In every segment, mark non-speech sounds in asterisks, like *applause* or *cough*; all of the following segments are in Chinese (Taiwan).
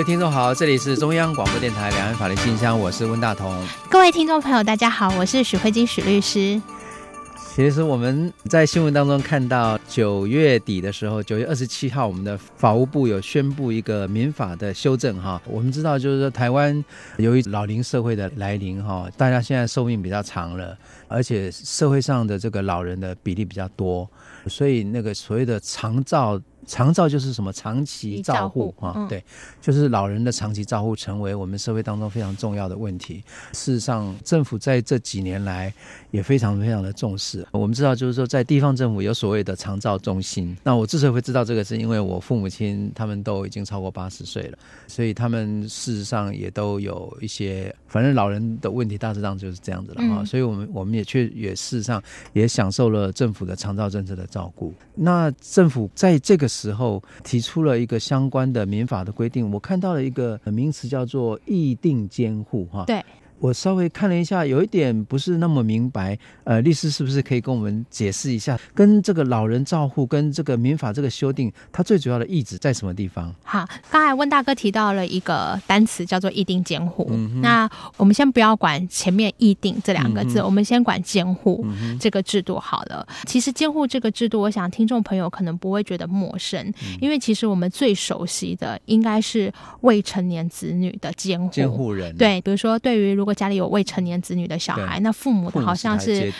各位聽眾好，這裡是中央廣播電台兩岸法律信箱，我是溫大同。各位聽眾朋友，大家好，我是許慧金許律師。其實我們在新聞當中看到，九月底的時候，九月二十七號，我們的法務部有宣布一個民法的修正哈。我們知道，就是說台灣由於老齡社會的來臨哈，大家現在壽命比較長了，而且社會上的這個老人的比例比較多，所以那個所謂的長照。長照就是什麼？長期照護啊、嗯？對，就是老人的長期照護成為我們社會當中非常重要的問題。事實上，政府在這幾年來也非常非常的重視。我們知道，就是說，在地方政府有所謂的長照中心。那我之所以會知道這個，是因為我父母親他們都已經超過八十歲了，所以他們事實上也都有一些，反正老人的問題，大致上就是這樣子了啊、嗯。所以我，我們我們也確也事實上也享受了政府的長照政策的照顧。那政府在這個時候提出了一個相關的民法的規定，我看到了一個名詞叫做意定監護，哈。對。我稍微看了一下，有一點不是那麼明白。呃，律師是不是可以跟我們解釋一下，跟這個老人照護、跟這個民法這個修訂，它最主要的意旨在什麼地方？好，剛才溫大哥提到了一個單詞叫做“意定監護”。嗯。那我們先不要管前面“意定”這兩個字、嗯，我們先管監護這個制度好了、嗯。其實監護這個制度，我想聽眾朋友可能不會覺得陌生，嗯、因為其實我們最熟悉的應該是未成年子女的監護，監護人。對，比如說對於如果家裡有未成年子女的小孩，那父母好像是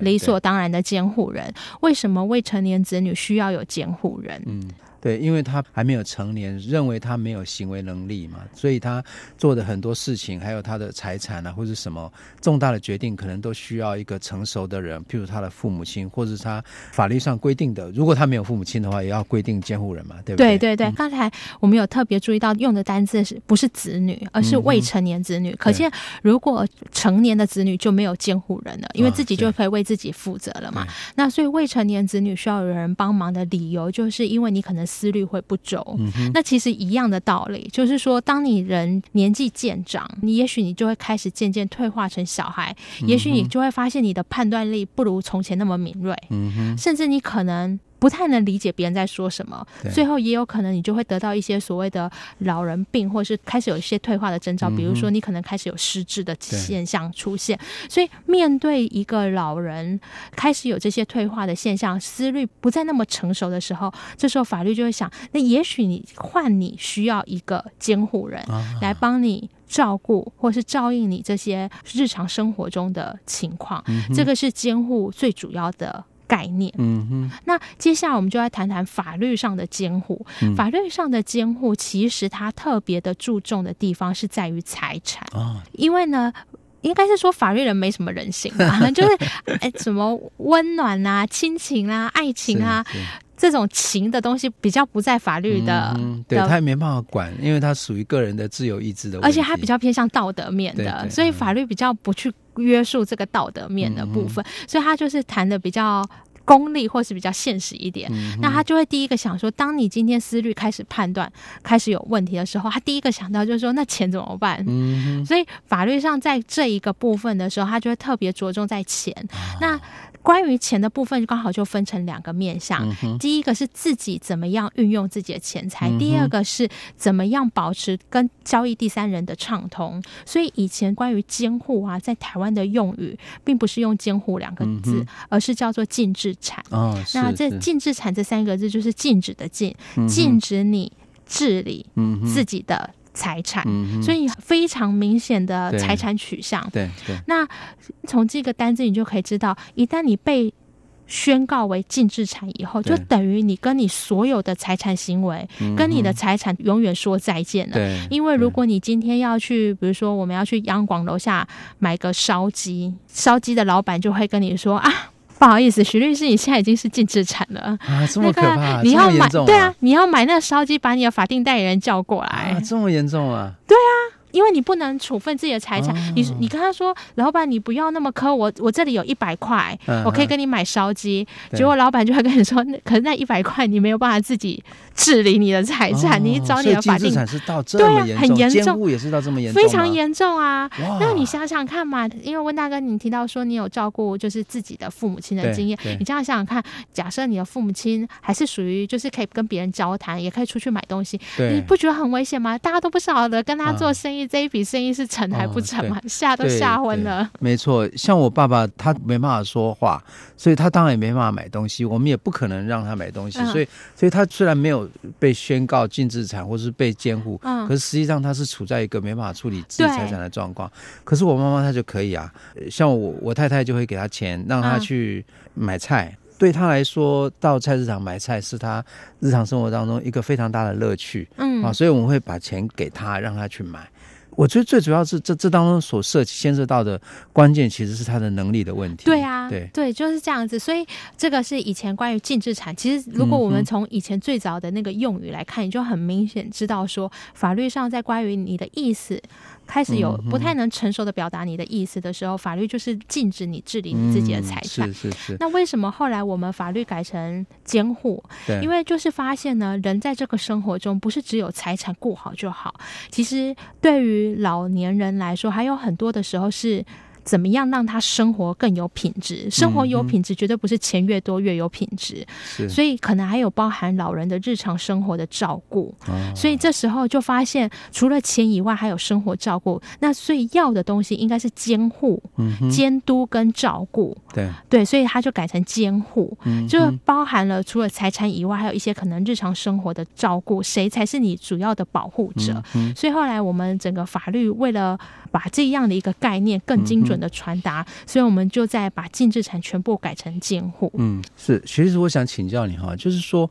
理所當然的監護人。為什麼未成年子女需要有監護人？嗯對，因為他還沒有成年，認為他沒有行為能力嘛，所以他做的很多事情，還有他的財產啊，或者什麼重大的決定，可能都需要一個成熟的人，譬如，他的父母親，或者他法律上規定的。如果他沒有父母親的話，也要規定監護人嘛，對不對？對對對。嗯、剛才我們有特別注意到用的單字不是子女，而是未成年子女。嗯、可見如果成年的子女就沒有監護人了，因為自己就可以為自己負責了嘛、啊。那所以未成年子女需要有人幫忙的理由，就是因為你可能。思慮會不周、嗯，那其實一樣的道理，就是說，當你人年紀漸長，你也許你就會開始漸漸退化成小孩，嗯、也許你就會發現你的判斷力不如從前那麼敏銳，嗯、甚至你可能。不太能理解別人在說什麼，最後也有可能你就會得到一些所謂的老人病，或者是開始有一些退化的徵兆、嗯，比如說你可能開始有失智的現象出現。所以，面對一個老人開始有這些退化的現象，思慮不再那麼成熟的時候，這時候法律就會想：那也許你換你需要一個監護人、啊、來幫你照顧，或是照應你這些日常生活中的情況。嗯、這個是監護最主要的概念，嗯那接下來我們就來談談法律上的監護、嗯。法律上的監護，其實它特別的注重的地方是在於財產。啊、哦，因為呢，應該是說法律人沒什麼人性吧， *laughs* 就是哎、欸，什麼溫暖啊、親情啊、愛情啊。這種情的東西比較不在法律的，嗯、對他也沒辦法管，因為他屬於個人的自由意志的問題，而且他比較偏向道德面的。對對對、嗯，所以法律比較不去約束這個道德面的部分，嗯，所以他就是談的比較功利或是比較現實一點，嗯。那他就會第一個想說，當你今天思慮開始判斷開始有問題的時候，他第一個想到就是說，那錢怎麼辦、嗯？所以法律上在這一個部分的時候，他就會特別着重在錢。啊、那關於錢的部分，剛好就分成兩個面向、嗯。第一個是自己怎麼樣運用自己的錢財、嗯，第二個是怎麼樣保持跟交易第三人的暢通。所以以前關於監護啊，在台灣的用語，並不是用“監護”兩個字、嗯，而是叫做“禁治產”哦是是。那這“禁治產”這三個字，就是禁止的禁“禁、嗯”，禁止你治理自己的。財產，所以非常明顯的財產取向。嗯、對，對，對，那從這個單字你就可以知道，一旦你被宣告為禁治產以後，就等於你跟你所有的財產行為、嗯、跟你的財產永遠說再見了對。對，因為如果你今天要去，比如說我們要去央廣樓下買個燒雞，燒雞的老闆就會跟你說啊。不好意思，徐律師，你現在已經是禁治產了啊！這麼可怕、啊，那個麼啊，你要買啊？對啊？你要買那個燒雞，把你的法定代理人叫過來。啊、這麼嚴重啊？對。因為你不能處分自己的財產，你、哦、你跟他說老板，你不要那麼摳，我我這裡有一百塊、嗯，我可以跟你買燒雞、嗯。結果老板就會跟你說，那可是那一百塊你沒有辦法自己治理你的財產，哦、你找你的法定，禁治產是到這麼嚴重，對，很嚴重，監護也是到這麼嚴重，非常嚴重啊。那你想想看嘛，因為溫大哥，你提到說你有照顧就是自己的父母親的經驗，你這樣想想看，假設你的父母親還是屬於就是可以跟別人交談，也可以出去買東西，你不覺得很危險嗎？大家都不曉得跟他做生意。嗯這一筆生意是成還不成嘛？嚇、嗯、都嚇昏了。沒錯，像我爸爸他沒辦法說話，所以他當然也沒辦法買東西。我們也不可能讓他買東西，嗯、所以所以他雖然沒有被宣告禁治產或是被監護、嗯，可是實際上他是處在一個沒辦法處理自己財產的狀況。可是我媽媽她就可以啊，像我我太太就會給他錢，讓他去買菜、嗯。對他來說，到菜市場買菜是他日常生活當中一個非常大的樂趣。嗯啊，所以我們會把錢給他，讓他去買。我覺得最主要是這這當中所涉牽涉到的關鍵，其實是他的能力的問題。對啊，對、對，就是這樣子。所以這個是以前關於禁治產。其實如果我們從以前最早的那個用語來看，你、嗯、就很明顯知道說法律上在關於你的意思。開始有不太能成熟的表達你的意思的時候，嗯，法律就是禁止你治理你自己的財產。嗯，是是是。那為什麼後來我們法律改成監護？對。因為就是發現呢，人在這個生活中不是只有財產顧好就好，其實對於老年人來說，還有很多的時候是。怎麼樣讓他生活更有品質？生活有品質，絕對不是錢越多越有品質，嗯。所以可能還有包含老人的日常生活的照顧。所以這時候就發現，除了錢以外，還有生活照顧。那所以要的東西應該是監護，嗯、監督跟照顧。對對，所以他就改成監護，嗯，就包含了除了財產以外，還有一些可能日常生活的照顧。誰才是你主要的保護者？嗯、所以後來我們整個法律為了把這樣的一個概念更精準，嗯。的傳達，所以我們就在把禁治產，全部改成監護。嗯，是。其實我想請教你哈，就是說，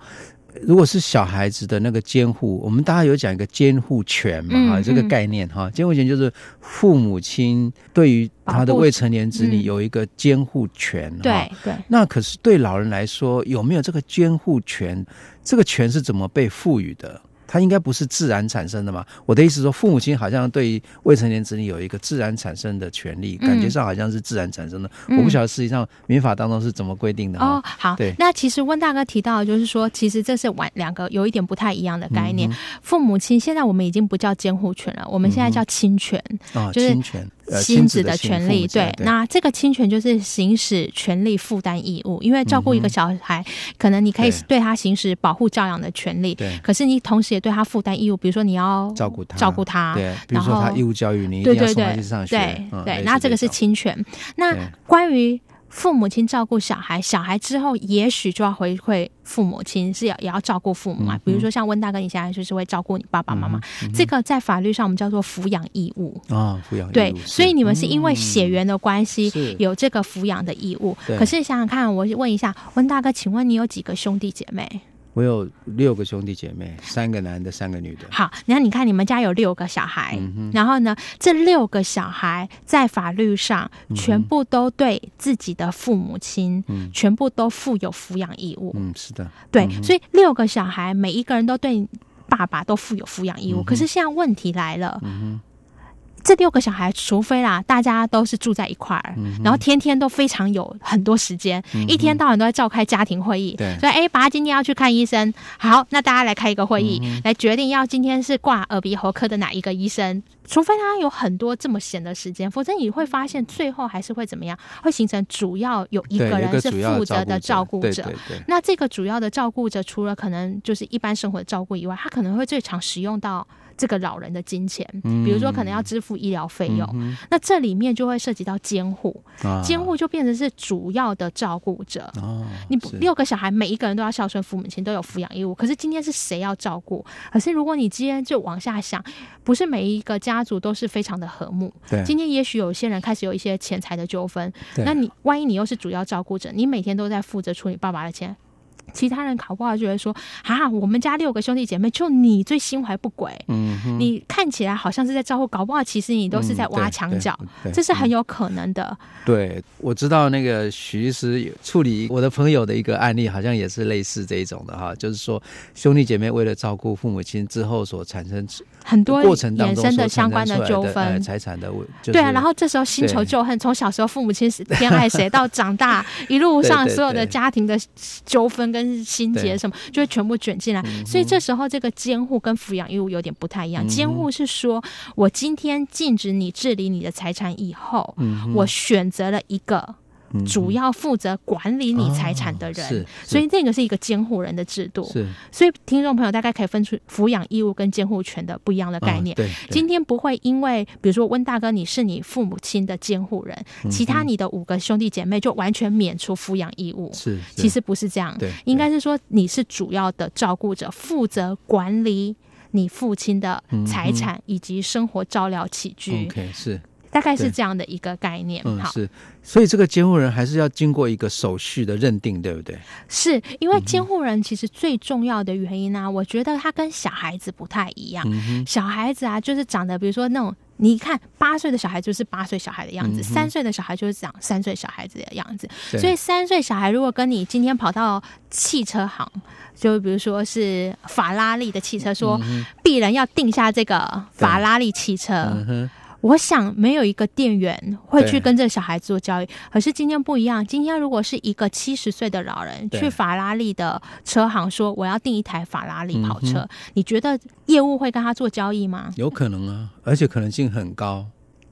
如果是小孩子的那個監護，我們大家有講一個監護權嘛，哈，這個概念哈，嗯、嗯，監護權就是父母親對於他的未成年子女有一個監護權，嗯、對對。那可是對老人來說，有沒有這個監護權？這個權是怎麼被賦予的？他應該不是自然產生的嘛？我的意思是說，父母親好像對於未成年子女有一個自然產生的權利，嗯、感覺上好像是自然產生的。嗯、我不曉得實際上民法當中是怎麼規定的、嗯、哦，好，那其實溫大哥提到的就是說，其實這是兩兩個有一點不太一樣的概念。嗯、父母親現在我們已經不叫監護權了，我們現在叫親權、嗯、啊、就是，親權。親子的權利，對，對，那這個侵權就是行使權利負擔義務，因為照顧一個小孩，嗯、可能你可以對他行使保護教養的權利，對，可是你同時也對他負擔義務，比如說你要照顧他，照顧他，然後比如說他義務教育，你對對對對對，對，對，對，那這個是侵權。那關於。父母親照顧小孩，小孩之後也許就要回饋父母親，是要也要照顧父母嘛、啊嗯嗯？比如說像溫大哥，你現在就是會照顧你爸爸媽媽、嗯嗯，這個在法律上我們叫做扶養義務啊、哦，扶養義務。對，所以你們是因為血緣的關係、嗯、有這個扶養的義務。可是想想看，我問一下溫大哥，請問你有幾個兄弟姐妹？我有六個兄弟姐妹，三個男的，三個女的。好，然後你看，你們家有六個小孩、嗯，然後呢，這六個小孩在法律上全部都對自己的父母親，嗯、全部都負有撫養義務。嗯，是的，對、嗯，所以六個小孩每一個人都對爸爸都負有撫養義務、嗯。可是現在問題來了。嗯這六個小孩，除非啦，大家都是住在一塊兒，嗯、然後天天都非常有很多時間、嗯，一天到晚都在召開家庭會議。對，所以哎、欸，爸今天要去看醫生，好，那大家來開一個會議、嗯，來決定要今天是掛耳鼻喉科的哪一個醫生。除非他有很多這麼閒的時間，否則你會發現最後還是會怎麼樣，會形成主要有一個人是負責的照顧者。對，有一個主要的照顧者，對對對。那這個主要的照顧者，除了可能就是一般生活的照顧以外，他可能會最常使用到。這個老人的金錢，比如說可能要支付醫療費用、嗯嗯，那這裡面就會涉及到監護，監護、啊、就變成是主要的照顧者。啊、你六個小孩每一個人都要孝順父母親，都有撫養義務。可是今天是誰要照顧？可是如果你今天就往下想，不是每一個家族都是非常的和睦。對、今天也許有些人開始有一些錢財的糾紛。那你萬一你又是主要照顧者，你每天都在負責出你爸爸的錢。其他人搞不好就會說啊，我們家六個兄弟姐妹，就你最心懷不軌。嗯，你看起來好像是在照顧，搞不好其實你都是在挖牆角，嗯、這是很有可能的、嗯。對，我知道那個徐醫師處理我的朋友的一個案例，好像也是類似這一種的哈，就是說兄弟姐妹為了照顧父母親之後所產生很多過程當中產生的相關的糾紛、呃、財產的、就是、對啊。然後這時候新仇舊恨，從小時候父母親是偏愛誰 *laughs* 到長大一路上所有的家庭的糾紛。跟心結什麼就會全部捲進來，嗯，所以這時候這個監護跟撫養義務有點不太一樣。監、嗯、護是說我今天禁止你治理你的財產以後，嗯、我選擇了一個。主要負責管理你財產的人，哦、所以那個是一個監護人的制度。是，所以聽眾朋友大概可以分出撫養義務跟監護權的不一樣的概念。哦、今天不會因為比如說溫大哥你是你父母親的監護人，嗯，其他你的五個兄弟姐妹就完全免除撫養義務是。是，其實不是這樣。對，對應該是說你是主要的照顧者，負責管理你父親的財產以及生活照料起居。嗯嗯、OK，是。大概是這樣的一個概念，好、嗯、是，所以這個監護人還是要經過一個手續的認定，對不對？是因為監護人其實最重要的原因呢、啊嗯，我覺得他跟小孩子不太一樣。嗯、小孩子啊，就是長得，比如說那種，你一看八歲的小孩就是八歲小孩的樣子，三、嗯、歲的小孩就是長三歲小孩子的樣子。所以三歲小孩如果跟你今天跑到汽車行，就比如說是法拉利的汽車，說，嗯、必然要定下這個法拉利汽車。我想沒有一個店員會去跟這個小孩子做交易，可是今天不一樣。今天如果是一個七十歲的老人去法拉利的車行說我要訂一台法拉利跑車，你覺得業務會跟他做交易嗎？有可能啊，而且可能性很高。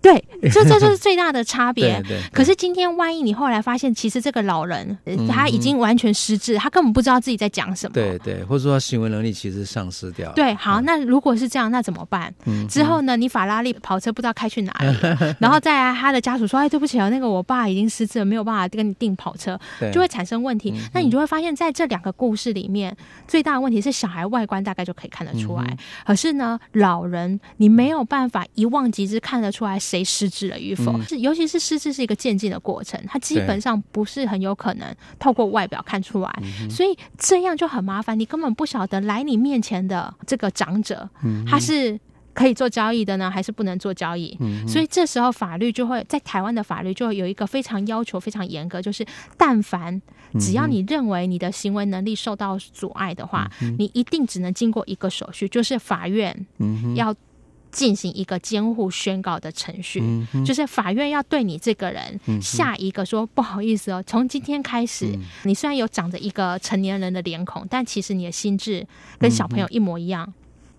對，這這就是最大的差別。 *laughs* 對，對，對。可是今天，萬一你後來發現，其實這個老人、嗯、他已經完全失智，他根本不知道自己在講什麼。對對。或者說，他行為能力其實喪失掉了。對。好、嗯，那如果是這樣，那怎麼辦、嗯？之後呢？你法拉利跑車不知道開去哪裡？嗯、然後再來他的家屬說：“ *laughs* 哎，對不起啊、哦，那個我爸已經失智了，沒有辦法跟你訂跑車，就會產生問題。嗯”那你就會發現在這兩個故事裡面，最大的問題是小孩外觀大概就可以看得出來，嗯、可是呢，老人你沒有辦法一望即知看得出來。誰失智了與否，是、嗯、尤其是失智是一個漸進的過程、嗯，它基本上不是很有可能透過外表看出來、嗯，所以這樣就很麻煩。你根本不曉得來你面前的這個長者，嗯、他是可以做交易的呢，還是不能做交易？嗯、所以這時候法律就會在台灣的法律就會有一個非常要求，非常嚴格，就是但凡只要你認為你的行為能力受到阻礙的話，嗯、你一定只能經過一個手續，就是法院要進行一個監護宣告的程序、嗯，就是法院要對你這個人、嗯、下一個說：“不好意思哦，從今天開始、嗯，你雖然有長着一個成年人的臉孔，但其實你的心智跟小朋友一模一樣。嗯”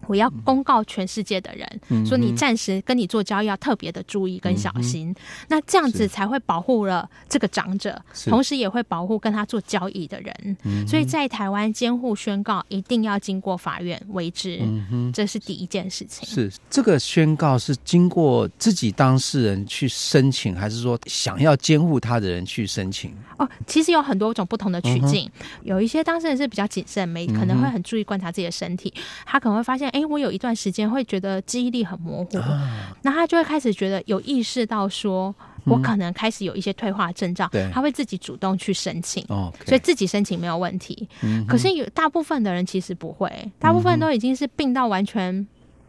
我要公告全世界的人，嗯、說你暫時跟你做交易要特別的注意跟小心、嗯，那這樣子才會保護了這個長者，同時也會保護跟他做交易的人。嗯、所以在台灣，監護宣告一定要經過法院為之、嗯，這是第一件事情。是這個宣告是經過自己當事人去申請，還是說想要監護他的人去申請？哦，其實有很多種不同的取徑、嗯，有一些當事人是比較謹慎，沒，可能會很注意觀察自己的身體，他可能會發現。哎，我有一段時間會覺得記憶力很模糊，那、啊、他就會開始覺得有意識到，說我可能開始有一些退化症狀、嗯，他會自己主動去申請，所以自己申請沒有問題。嗯、可是有大部分的人其實不會，大部分都已經是病到完全。嗯、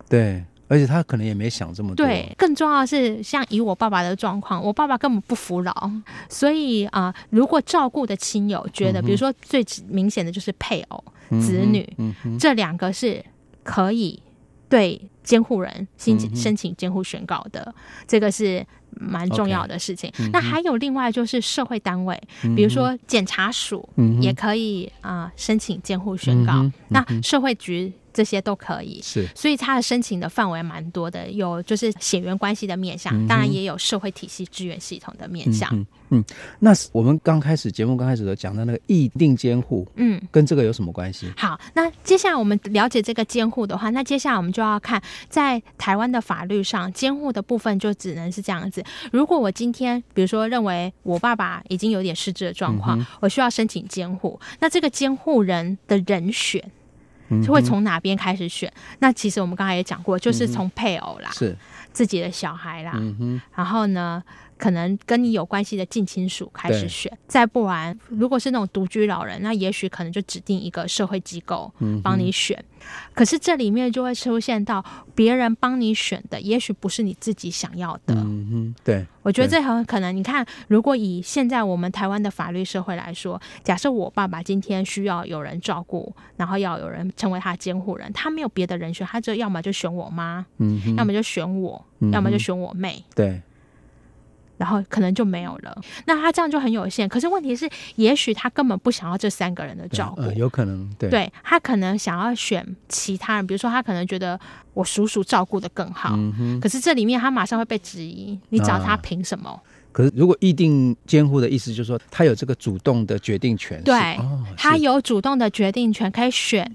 對，而且他可能也沒想這麼多。對，更重要的是像以我爸爸的狀況，我爸爸根本不服老，所以啊、呃，如果照顧的親友覺得、嗯，比如說最明顯的就是配偶、嗯、子女、嗯嗯，這兩個是。可以對監護人申請申請監護宣告的，嗯，這個是。蠻重要的事情，okay. 嗯。那還有另外就是社會單位，嗯，比如說檢察署也可以啊，嗯呃，申請監護宣告，嗯。那社會局這些都可以。是，嗯，所以他的申請的範圍蠻多的，有就是血緣關係的面向，嗯，當然也有社會體系支援系統的面向。嗯，嗯，那我們剛開始節目剛開始的講的那個意定監護，嗯，跟這個有什麼關係？好，那接下來我們了解這個監護的話，那接下來我們就要看在台灣的法律上，監護的部分就只能是這樣子。如果我今天，比如說，認為我爸爸已經有點失智的狀況、嗯，我需要申請監護，那這個監護人的人選，嗯、就會從哪邊開始選？那其實我們剛才也講過，就是從配偶啦，是、嗯、自己的小孩啦，嗯、然後呢？可能跟你有關係的近親屬開始選，再不然，如果是那種獨居老人，那也許可能就指定一個社會機構幫你選。嗯。可是這裡面就會出現到別人幫你選的，也許不是你自己想要的。嗯對，我覺得這很可能。你看，如果以現在我們台灣的法律社會來說，假設我爸爸今天需要有人照顧，然後要有人成為他監護人，他沒有別的人選，他就要麼就選我媽，嗯，要麼就選我，嗯，要麼就選我妹。對。然後可能就沒有了。那他這樣就很有限。可是問題是，也許他根本不想要這三個人的照顧，呃、有可能對。對，他可能想要選其他人，比如說他可能覺得我叔叔照顧得更好。嗯哼。可是這裡面他馬上會被質疑，你找他憑什麼？啊可是，如果意定監護的意思，就是說他有這個主動的決定權。對、哦，他有主動的決定權，可以選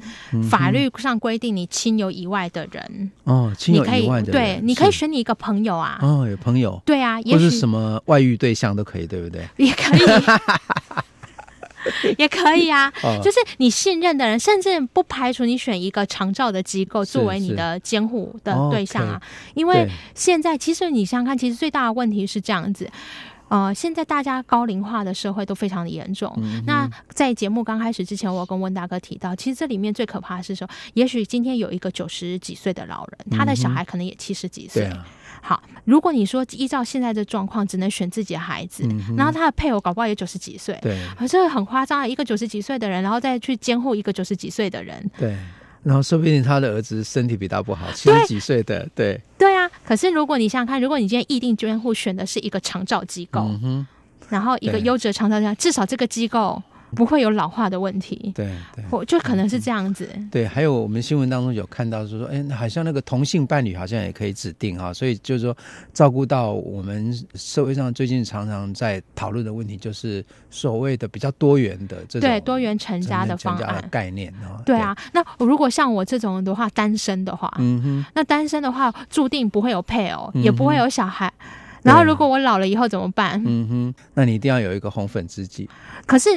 法律上規定你親友以外的人。嗯、哦，親友以外的人，你可以，對，你可以選你一個朋友啊。哦，有朋友。對啊，或是什麼外遇對象都可以，對不對？也可以。 *laughs* *laughs* 也可以啊，就是你信任的人，甚至不排除你選一個長照的機構作為你的監護的對象啊，因為現在其實你想想看，其實最大的問題是這樣子。呃，現在大家高齡化的社會都非常的嚴重，嗯。那在節目剛開始之前，我跟溫大哥提到，其實這裡面最可怕的是說，也許今天有一個九十幾歲的老人，他的小孩可能也七十幾歲，嗯。好，如果你說依照現在的狀況，只能選自己的孩子，嗯，然後他的配偶搞不好也九十幾歲。對，嗯。這個很誇張啊！一個九十幾歲的人，然後再去監護一個九十幾歲的人。對。然後說不定他的兒子身體比他不好，七十幾歲的，對。對對可是，如果你想想看，如果你今天意定監護人選的是一個長照機構，嗯、然後一個優質長照機構，至少這個機構。不會有老化的問題，對，對，我就可能是這樣子、嗯。對，還有我們新聞當中有看到，是說，哎，好像那個同性伴侶好像也可以指定哈、啊，所以就是說照顧到我們社會上最近常常在討論的問題，就是所謂的比較多元的這種對多元成家的方案，成家的概念哦、啊。對啊對，那如果像我這種的話，單身的話，嗯哼，那單身的話注定不會有配偶，嗯、也不會有小孩。然後，如果我老了以後怎麼辦？嗯哼，那你一定要有一個紅粉知己。可是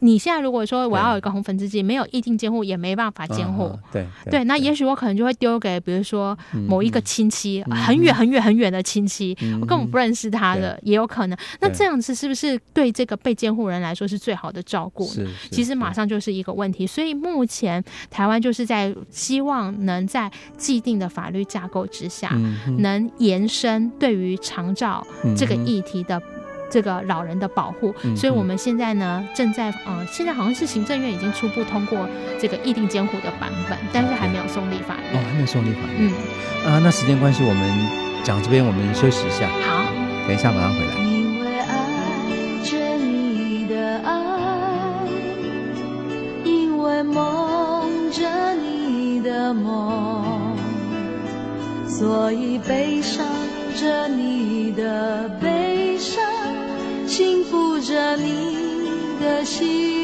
你現在如果說我要有一個紅粉知己，沒有意定監護，也沒辦法監護、啊啊。對對，對，那也許我可能就會丟給比如說某一個親戚，嗯、很遠很遠很遠的親戚，嗯、我根本不認識他的、嗯，也有可能。那這樣子是不是對這個被監護人來說是最好的照顧？是，是，其實馬上就是一個問題。所以目前台灣就是在希望能在既定的法律架構之下，嗯、能延伸對於長照。嗯、這個議題的這個老人的保護，嗯、所以我們現在呢正在呃，現在好像是行政院已經初步通過這個意定監護的版本，但是還沒有送立法院。哦，還沒有送立法院。嗯，啊，那時間關係，我們講這邊，我們休息一下。好，等一下馬上回來。因為愛着你的愛，因為夢着你的夢，所以悲傷着你的悲傷，幸福着你的心。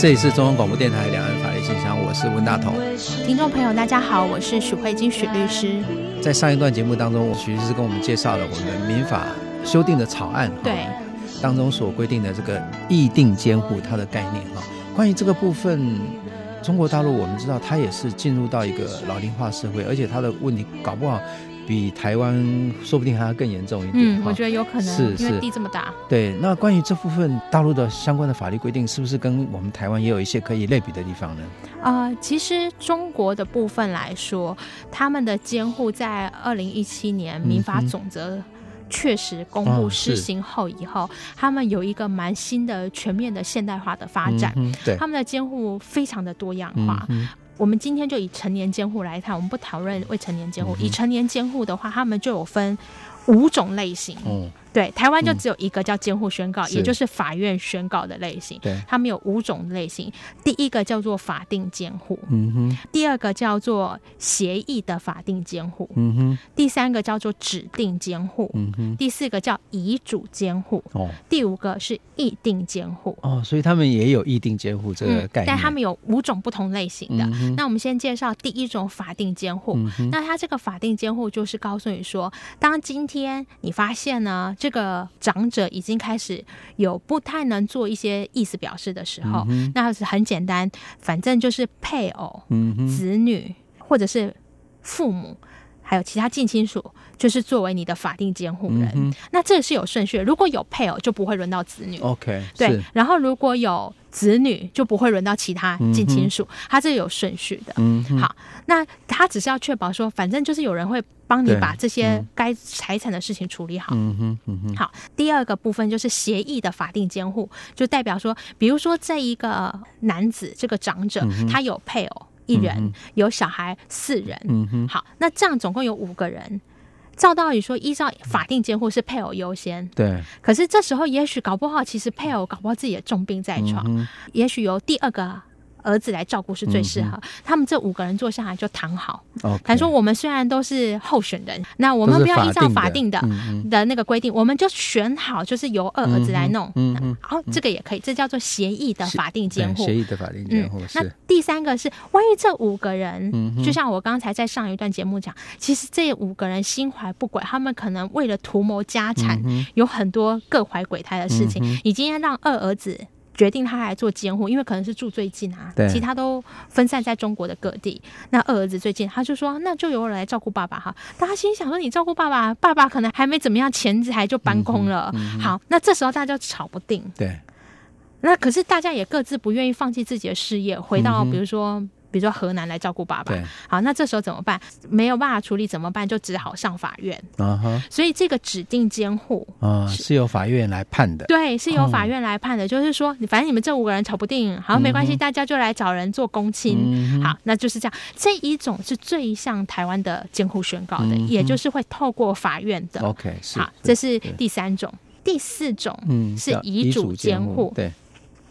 這裡是中央廣播電台兩岸法律信箱，我是溫大同。聽眾朋友，大家好，我是許慧金許律師。在上一段節目當中，許律師跟我們介紹了我們民法修訂的草案哈，當中所規定的這個意定監護它的概念哈。關於這個部分，中國大陸我們知道它也是進入到一個老齡化社會，而且它的問題搞不好。比台灣說不定還要更嚴重一點，嗯，我覺得有可能，哦、是，是因為地這麼大。對，那關於這部分大陸的相關的法律規定，是不是跟我們台灣也有一些可以類比的地方呢？啊、呃，其實中國的部分來說，他們的監護在二零一七年民法總則確實公布施行後以後、嗯，他們有一個蠻新的、全面的現代化的發展，嗯、對，他們的監護非常的多樣化。嗯我們今天就以成年監護來看，我們不討論未成年監護。嗯。以成年監護的話，他們就有分五種類型。嗯對，台灣就只有一個叫監護宣告、嗯，也就是法院宣告的類型。對，他們有五種類型。第一個叫做法定監護，嗯哼；第二個叫做協議的法定監護，嗯哼；第三個叫做指定監護，嗯哼；第四個叫遺囑監護，哦；第五個是意定監護，哦。所以他們也有意定監護這個概念、嗯，但他們有五種不同類型的。嗯、那我們先介紹第一種法定監護、嗯。那他這個法定監護就是告訴你說、嗯，當今天你發現呢。這個長者已經開始有不太能做一些意思表示的時候，嗯、那是很簡單，反正就是配偶、嗯、子女或者是父母，還有其他近親屬，就是作為你的法定監護人。嗯、那這是有順序的，如果有配偶，就不會輪到子女。OK，對，然後如果有。子女，就不會輪到其他近親屬、嗯，他這個有順序的、嗯。好，那他只是要確保說，反正就是有人會幫你把這些該財產的事情處理好。嗯哼，好。第二個部分就是協議的法定監護，就代表說，比如說這一個男子，這個長者，嗯、他有配偶一人、嗯，有小孩四人。嗯哼，好，那這樣總共有五個人。照道理說，依照法定監護是配偶優先。對。可是這時候，也許搞不好，其實配偶搞不好自己的重病在床、嗯，也許由第二個。兒子來照顧是最適合、嗯。他們這五個人坐下來就談好，談、okay, 說我們雖然都是候選人，那我們不要依照法定的法定的、的那個規定，嗯嗯、我們就選好，就是由二兒子來弄。嗯嗯、嗯、哦、嗯，這個也可以，這叫做協議的法定監護，協、協議的法定監護、嗯是。那第三個是，萬一這五個人，就像我剛才在上一段節目講，嗯嗯、其實這五個人心懷不軌，他們可能為了圖謀家產，嗯嗯、有很多各懷鬼胎的事情，已、嗯、經、嗯、讓二兒子。決定他來做監護，因為可能是住最近啊。對，其他都分散在中國的各地。那二兒子最近，他就說，那就由我來照顧爸爸哈。大家心想說，你照顧爸爸，爸爸可能還沒怎麼樣，錢還就搬空了、嗯嗯。好，那這時候大家就吵不定。對，那可是大家也各自不願意放棄自己的事業，回到比如說。嗯比如說河南來照顧爸爸，好，那這時候怎麼辦？沒有辦法處理怎麼辦？就只好上法院。啊哈。所以這個指定監護、uh-huh. 啊，是由法院來判的。對，是由法院來判的。哦、就是說，反正你們這五個人吵不定，好，沒關係、嗯，大家就來找人做公親、嗯。好，那就是這樣。這一種是最像台灣的監護宣告的，嗯、也就是會透過法院的。OK，是。好，這是第三種。第四種，嗯，是遺囑監護。對，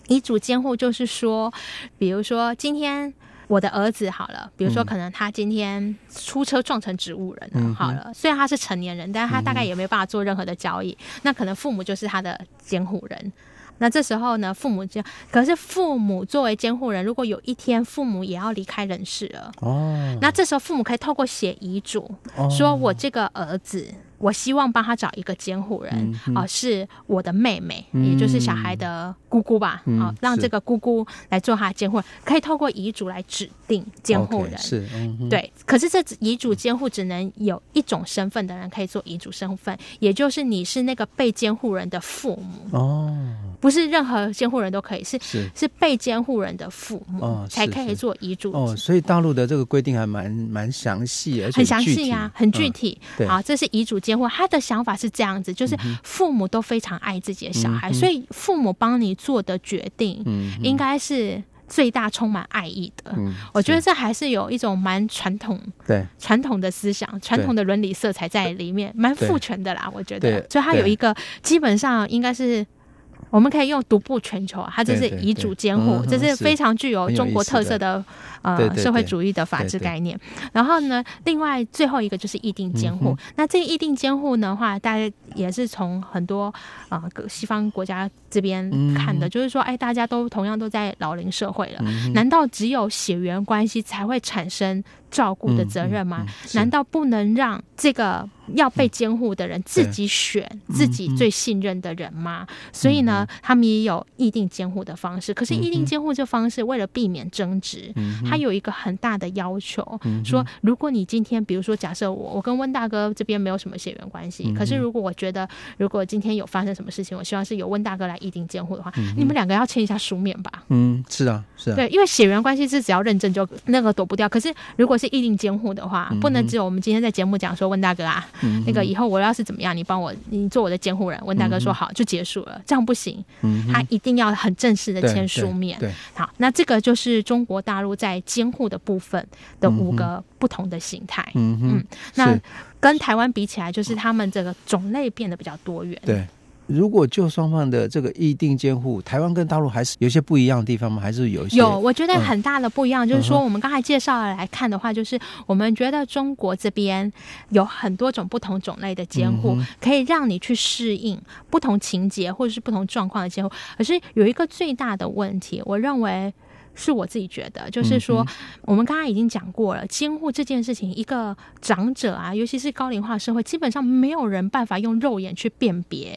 遺囑監護就是說，比如說今天。我的兒子好了，比如說可能他今天出車撞成植物人了，嗯、好了，雖然他是成年人，但是他大概也沒有辦法做任何的交易，嗯。那可能父母就是他的監護人。那這時候呢，父母就可是父母作為監護人，如果有一天父母也要離開人世了，哦，那這時候父母可以透過寫遺囑，說我這個兒子。哦。我希望幫他找一個監護人，啊、嗯呃，是我的妹妹，也就是小孩的姑姑吧，啊、嗯呃，讓這個姑姑來做他的監護人，嗯，可以透過遺囑來指定監護人，okay, 是、嗯，對。可是這遺囑監護只能有一種身份的人可以做遺囑身份、嗯，也就是你是那個被監護人的父母哦。不是任何監護人都可以，是是被監護人的父母、哦、是是才可以做遺囑哦。所以大陸的這個規定還蠻蠻詳細，而且很，很詳細啊，很具體。嗯、好，這是遺囑監護，他的想法是這樣子，就是父母都非常愛自己的小孩，嗯、所以父母幫你做的決定，嗯，應該是最大充滿愛意的、嗯。我覺得這還是有一種蠻傳統對傳統的思想、傳統的倫理色彩在裡面，蠻父權的啦。我覺得，所以他有一個基本上應該是。我們可以用獨步全球、啊，它這是遺囑監護、嗯，這是非常具有中國特色的，的呃對對對，社會主義的法治概念，對對對對對對。然後呢，另外最後一個就是意定監護。那這個意定監護的話，大家也是從很多啊、呃、西方國家。這邊看的就是說，哎，大家都同樣都在老齡社會了，難道只有血緣關係才會產生照顧的責任嗎？難道不能讓這個要被監護的人自己選自己最信任的人嗎？所以呢，他們也有意定監護的方式。可是意定監護這方式為了避免爭執，他有一個很大的要求，說如果你今天，比如說假設我我跟溫大哥這邊沒有什麼血緣關係，可是如果我覺得如果今天有發生什麼事情，我希望是由溫大哥來。意定監護的話，嗯、你們兩個要簽一下書面吧？嗯，是啊，是啊。對，因為血緣關係是只要認證就那個躲不掉。可是如果是意定監護的話，嗯，不能只有我們今天在節目講說，溫大哥啊、嗯，那個以後我要是怎麼樣，你幫我，你做我的監護人。溫大哥說好就結束了，嗯，這樣不行。嗯，他一定要很正式的簽書面對對。對，好，那這個就是中國大陸在監護的部分的五個不同的形態。嗯嗯，那跟台灣比起來，就是他們這個種類變得比較多元。對。如果就雙方的這個意定監護，台灣跟大陸還是有些不一樣的地方嗎？還是有有，我覺得很大的不一樣，嗯、就是說我們剛才介紹的來看的話，就是我們覺得中國這邊有很多種不同種類的監護、嗯，可以讓你去適應不同情節或者是不同狀況的監護。可是有一個最大的問題，我認為。是我自己覺得，就是說，嗯、我們剛剛已經講過了，監護這件事情，一個長者啊，尤其是高齡化社會，基本上沒有人辦法用肉眼去辨別，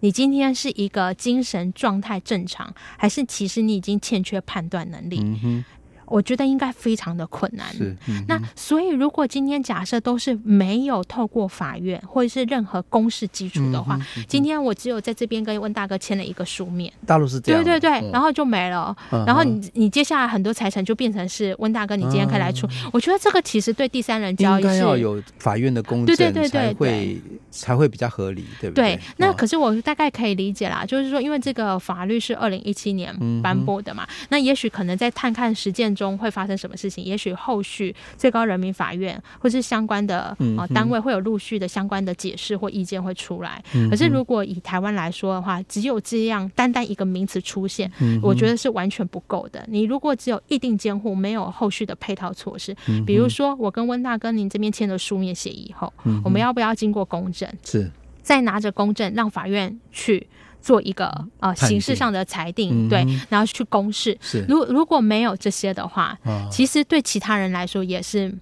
你今天是一個精神狀態正常，還是其實你已經欠缺判斷能力，嗯我覺得應該非常的困難。是。嗯、那所以，如果今天假設都是沒有透過法院或者是任何公示基礎的話、嗯嗯，今天我只有在這邊跟溫大哥簽了一個書面。大陸是這樣。對對對、嗯，然後就沒了。嗯、然後你、嗯、你接下來很多財產就變成是溫大哥，你今天可以來出、嗯。我覺得這個其實對第三人交易是應該要有法院的公證才，對對對,對,對,對才會才會比較合理，對不對？對。那可是我大概可以理解啦，就是說，因為這個法律是二零一七年頒布的嘛、嗯，那也許可能在探看實踐中。中會發生什麼事情？也許後續最高人民法院或是相關的啊、呃、單位會有陸續的相關的解釋或意見會出來、嗯。可是如果以台灣來說的話，只有這樣單單一個名詞出現、嗯，我覺得是完全不夠的。你如果只有意定監護，沒有後續的配套措施，比如說我跟溫大哥您這邊簽了書面協議後，嗯、我們要不要經過公證？是，再拿着公證讓法院去。做一個啊、呃，形式上的裁定、定，對，然後去公示。是、嗯，如果如果沒有這些的話，其實對其他人來說也是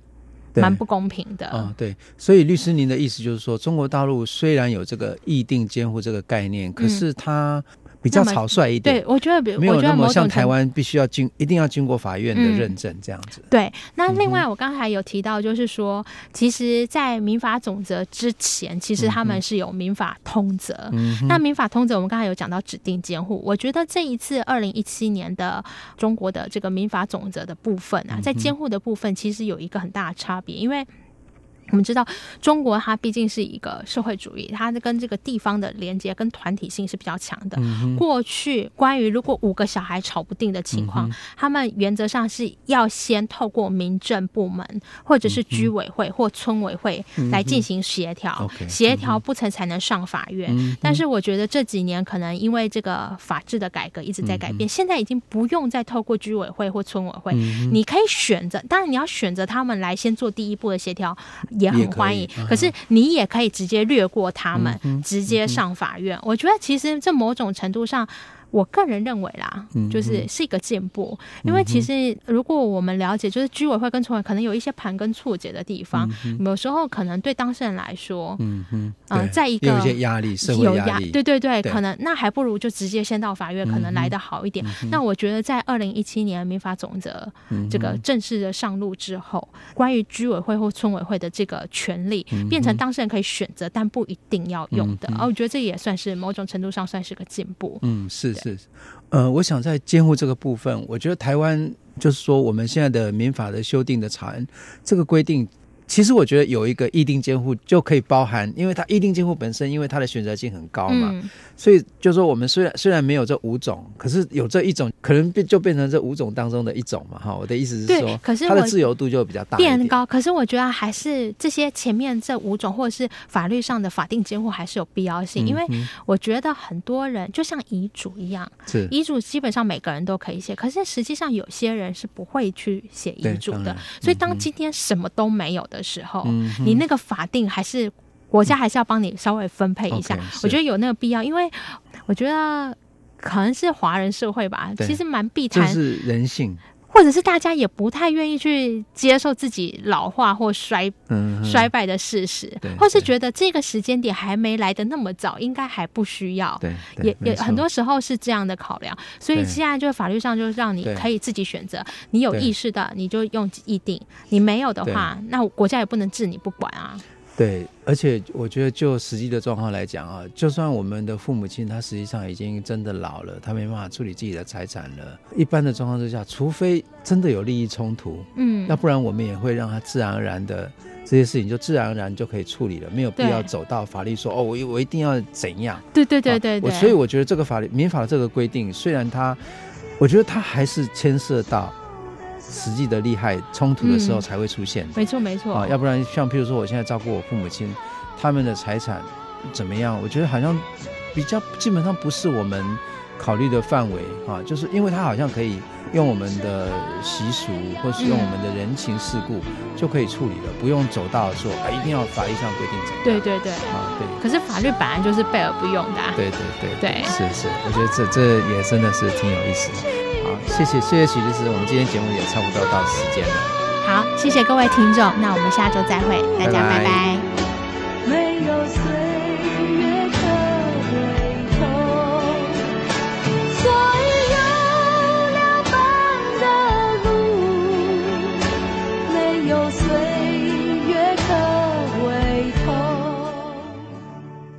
蠻不公平的。嗯、哦，對，所以律師您的意思就是說，中國大陸雖然有這個意定監護這個概念，可是它。嗯比較草率一點，對，我覺得比沒有那麼像台灣，必須要經一定要經過法院的認證這樣子。對，那另外我剛才有提到，就是說，嗯、其實，在民法總則之前，其實他們是有民法通則、嗯。那民法通則，我們剛才有講到指定監護、嗯，我覺得這一次二零一七年的中國的這個民法總則的部分啊，在監護的部分，其實有一個很大的差別，因為。我們知道，中國它畢竟是一個社會主義，它跟這個地方的連接、跟團體性是比較強的。嗯、過去，關於如果五個小孩吵不定的情況、嗯，他們原則上是要先透過民政部門或者是居委會或村委會來進行協調，嗯、協調不成才能上法院。嗯、但是，我覺得這幾年可能因為這個法制的改革一直在改變，嗯、現在已經不用再透過居委會或村委會、嗯，你可以選擇，當然你要選擇他們來先做第一步的協調。也很歡迎可，可是你也可以直接略過他們、嗯，直接上法院、嗯。我覺得其實這某種程度上。我個人認為啦，就是是一個進步，嗯、因為其實如果我們了解，就是居委會跟村委會可能有一些盤根錯節的地方，有、嗯、時候可能對當事人來說，嗯嗯、呃，在一個有，一些壓力有壓力，對對對，對可能那還不如就直接先到法院，可能來的好一點、嗯。那我覺得在二零一七年民法總則、嗯、這個正式的上路之後、嗯，關於居委會或村委會的這個權利、嗯、變成當事人可以選擇，但不一定要用的，啊、嗯，而我覺得這也算是某種程度上算是個進步。嗯，是。是，呃，我想在監護這個部分，我覺得台灣就是說我們現在的民法的修訂的草案這個規定。其實我覺得有一個意定監護就可以包含，因為它意定監護本身，因為它的選擇性很高嘛，嗯、所以就說我們雖然雖然沒有這五種，可是有這一種，可能變就變成這五種當中的一種嘛。哈，我的意思是說，可是它的自由度就比較大變高，可是我覺得還是這些前面這五種，或者是法律上的法定監護還是有必要性，嗯嗯、因為我覺得很多人就像遺囑一樣是，遺囑基本上每個人都可以寫，可是實際上有些人是不會去寫遺囑的，所以當今天什麼都沒有的。嗯嗯的時候、嗯，你那個法定還是國家還是要幫你稍微分配一下、嗯 okay，我覺得有那個必要，因為我覺得可能是華人社會吧，其實蠻避談，就是人性。或者是大家也不太願意去接受自己老化或衰、嗯、衰敗的事實，或是覺得這個時間點還沒來得那麼早，應該還不需要。也也很多時候是這樣的考量。所以現在就是法律上就讓你可以自己選擇，你有意識的你就用意定，你沒有的話，那國家也不能治你不管啊。對，而且我覺得就實際的狀況來講啊，就算我們的父母親他實際上已經真的老了，他沒辦法處理自己的財產了。一般的狀況之下，除非真的有利益衝突，嗯，那不然我們也會讓他自然而然的這些事情就自然而然就可以處理了，沒有必要走到法律說哦，我我一定要怎樣。對對對對，對。我，啊，所以我覺得這個法律民法這個規定，雖然它，我覺得它還是牽涉到。實際的利害衝突的時候才會出現。嗯，沒錯沒錯啊，要不然像譬如說我現在照顧我父母親，他們的財產怎麼樣？我覺得好像比較基本上不是我們考慮的範圍啊，就是因為他好像可以用我們的習俗，或是用我們的人情世故就可以處理了，嗯，不用走到說啊一定要法律上規定怎麼樣。對對對啊對。可是法律本來就是備而不用的，啊。對對對對，對。是是，我覺得這這也真的是挺有意思的。謝謝，謝謝許律師，我們今天節目也差不多到時間了。好，謝謝各位聽眾，那我們下周再會，大家拜拜。拜拜。